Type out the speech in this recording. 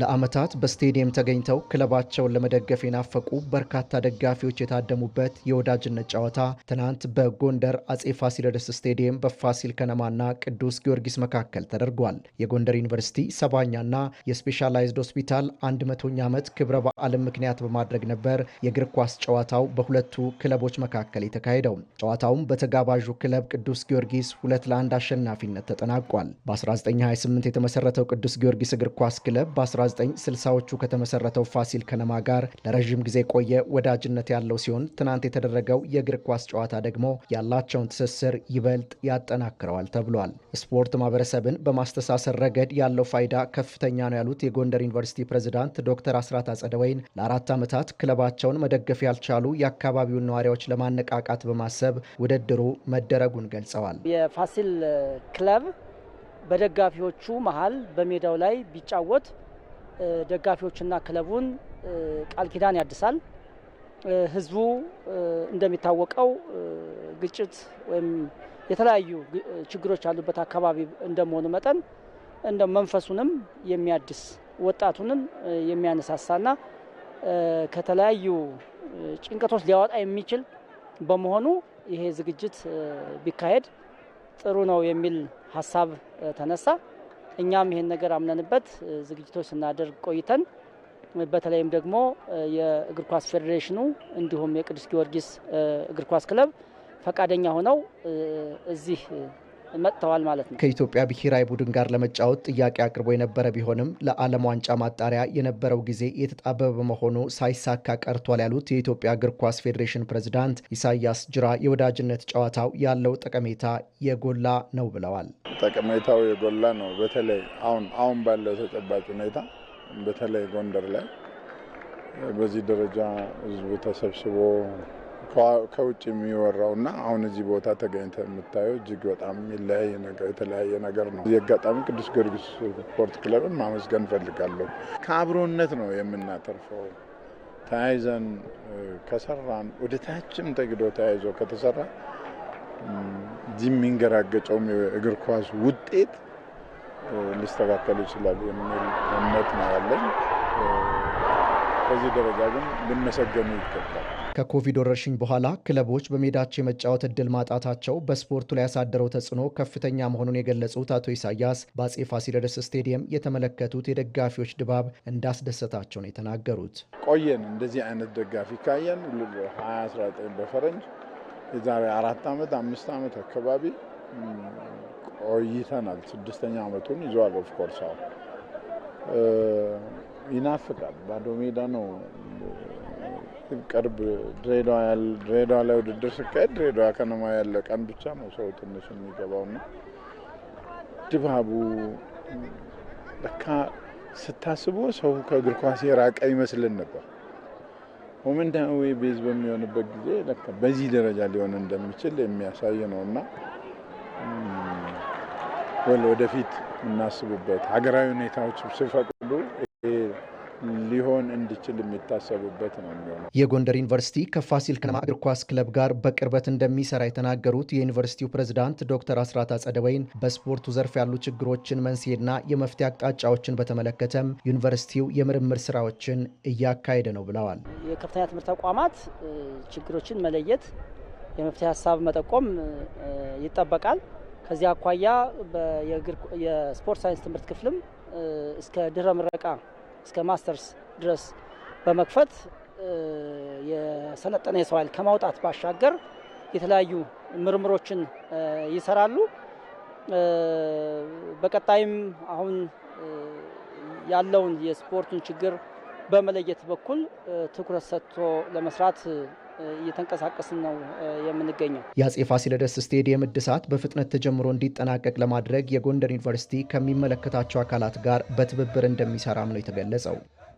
ለዓመታት በስቴዲየም ተገኝተው ክለባቸውን ለመደገፍ የናፈቁ በርካታ ደጋፊዎች የታደሙበት የወዳጅነት ጨዋታ ትናንት በጎንደር አጼ ፋሲለደስ ስቴዲየም በፋሲል ከነማና ቅዱስ ጊዮርጊስ መካከል ተደርጓል። የጎንደር ዩኒቨርሲቲ ሰባኛና የስፔሻላይዝድ ሆስፒታል አንድ መቶኛ ዓመት ክብረ በዓልን ምክንያት በማድረግ ነበር የእግር ኳስ ጨዋታው በሁለቱ ክለቦች መካከል የተካሄደው። ጨዋታውም በተጋባዡ ክለብ ቅዱስ ጊዮርጊስ ሁለት ለአንድ አሸናፊነት ተጠናቋል። በ1928 የተመሰረተው ቅዱስ ጊዮርጊስ እግር ኳስ ክለብ በ 1960 ዎቹ ከተመሰረተው ፋሲል ከነማ ጋር ለረዥም ጊዜ ቆየ ወዳጅነት ያለው ሲሆን ትናንት የተደረገው የእግር ኳስ ጨዋታ ደግሞ ያላቸውን ትስስር ይበልጥ ያጠናክረዋል ተብሏል። ስፖርት ማህበረሰብን በማስተሳሰር ረገድ ያለው ፋይዳ ከፍተኛ ነው ያሉት የጎንደር ዩኒቨርሲቲ ፕሬዝዳንት ዶክተር አስራት አጸደወይን ለአራት ዓመታት ክለባቸውን መደገፍ ያልቻሉ የአካባቢውን ነዋሪዎች ለማነቃቃት በማሰብ ውድድሩ መደረጉን ገልጸዋል። የፋሲል ክለብ በደጋፊዎቹ መሀል በሜዳው ላይ ቢጫወት ደጋፊዎችና ክለቡን ቃል ኪዳን ያድሳል። ህዝቡ እንደሚታወቀው ግጭት ወይም የተለያዩ ችግሮች ያሉበት አካባቢ እንደመሆኑ መጠን እንደ መንፈሱንም የሚያድስ ወጣቱንም የሚያነሳሳና ከተለያዩ ጭንቀቶች ሊያወጣ የሚችል በመሆኑ ይሄ ዝግጅት ቢካሄድ ጥሩ ነው የሚል ሀሳብ ተነሳ። እኛም ይሄን ነገር አምነንበት ዝግጅቶች ስናደርግ ቆይተን በተለይም ደግሞ የእግር ኳስ ፌዴሬሽኑ እንዲሁም የቅዱስ ጊዮርጊስ እግር ኳስ ክለብ ፈቃደኛ ሆነው እዚህ መጥተዋል ማለት ነው። ከኢትዮጵያ ብሔራዊ ቡድን ጋር ለመጫወት ጥያቄ አቅርቦ የነበረ ቢሆንም ለዓለም ዋንጫ ማጣሪያ የነበረው ጊዜ የተጣበበ በመሆኑ ሳይሳካ ቀርቷል ያሉት የኢትዮጵያ እግር ኳስ ፌዴሬሽን ፕሬዝዳንት ኢሳያስ ጅራ የወዳጅነት ጨዋታው ያለው ጠቀሜታ የጎላ ነው ብለዋል። ጠቀሜታው የጎላ ነው። በተለይ አሁን አሁን ባለው ተጨባጭ ሁኔታ በተለይ ጎንደር ላይ በዚህ ደረጃ ህዝቡ ተሰብስቦ ከውጭ የሚወራው እና አሁን እዚህ ቦታ ተገኝተ የምታየው እጅግ በጣም የተለያየ ነገር ነው። እዚህ አጋጣሚ ቅዱስ ጊዮርጊስ ስፖርት ክለብን ማመስገን እፈልጋለሁ። ከአብሮነት ነው የምናተርፈው። ተያይዘን ከሰራን ወደ ታችም ተግዶ ተያይዞ ከተሰራ እዚህ የሚንገራገጨውም የእግር ኳስ ውጤት ሊስተካከል ይችላል የሚል እምነት ነው ያለኝ። በዚህ ደረጃ ግን ልመሰገኑ ይገባል። ከኮቪድ ወረርሽኝ በኋላ ክለቦች በሜዳቸው የመጫወት እድል ማጣታቸው በስፖርቱ ላይ ያሳደረው ተጽዕኖ ከፍተኛ መሆኑን የገለጹት አቶ ኢሳያስ በአጼ ፋሲለደስ ስቴዲየም የተመለከቱት የደጋፊዎች ድባብ እንዳስደሰታቸው ነው የተናገሩት። ቆየን እንደዚህ አይነት ደጋፊ ካየን 2019 በፈረንጅ የዛሬ አራት ዓመት አምስት ዓመት አካባቢ ቆይተናል። ስድስተኛ ዓመቱን ይዟል። ኦፍኮርስ ይናፍቃል። ባዶ ሜዳ ነው ቅርብ ድሬዳዋ ላይ ውድድር ስካሄድ ድሬዳዋ ከነማ ያለ ቀን ብቻ ነው ሰው ትንሽ የሚገባው ና ድባቡ በቃ ስታስቦ ሰው ከእግር ኳስ የራቀ ይመስልን ነበር። ሆመንታዊ ቤዝ በሚሆንበት ጊዜ በዚህ ደረጃ ሊሆን እንደሚችል የሚያሳይ ነው እና ወል ወደፊት የምናስብበት ሀገራዊ ሁኔታዎች ሲፈቅዱ ሊሆን እንዲችል የሚታሰብበት ነው የሚሆነው። የጎንደር ዩኒቨርሲቲ ከፋሲል ከነማ እግር ኳስ ክለብ ጋር በቅርበት እንደሚሰራ የተናገሩት የዩኒቨርሲቲው ፕሬዝዳንት ዶክተር አስራት አጸደወይን በስፖርቱ ዘርፍ ያሉ ችግሮችን መንስኤና የመፍትሄ አቅጣጫዎችን በተመለከተም ዩኒቨርሲቲው የምርምር ስራዎችን እያካሄደ ነው ብለዋል። የከፍተኛ ትምህርት ተቋማት ችግሮችን መለየት፣ የመፍትሄ ሀሳብ መጠቆም ይጠበቃል። ከዚህ አኳያ የስፖርት ሳይንስ ትምህርት ክፍልም እስከ ድህረ ምረቃ እስከ ማስተርስ ድረስ በመክፈት የሰለጠነ የሰው ኃይል ከማውጣት ባሻገር የተለያዩ ምርምሮችን ይሰራሉ። በቀጣይም አሁን ያለውን የስፖርቱን ችግር በመለየት በኩል ትኩረት ሰጥቶ ለመስራት እየተንቀሳቀስን ነው የምንገኘው። የአጼ ፋሲለደስ ስቴዲየም እድሳት በፍጥነት ተጀምሮ እንዲጠናቀቅ ለማድረግ የጎንደር ዩኒቨርሲቲ ከሚመለከታቸው አካላት ጋር በትብብር እንደሚሰራም ነው የተገለጸው።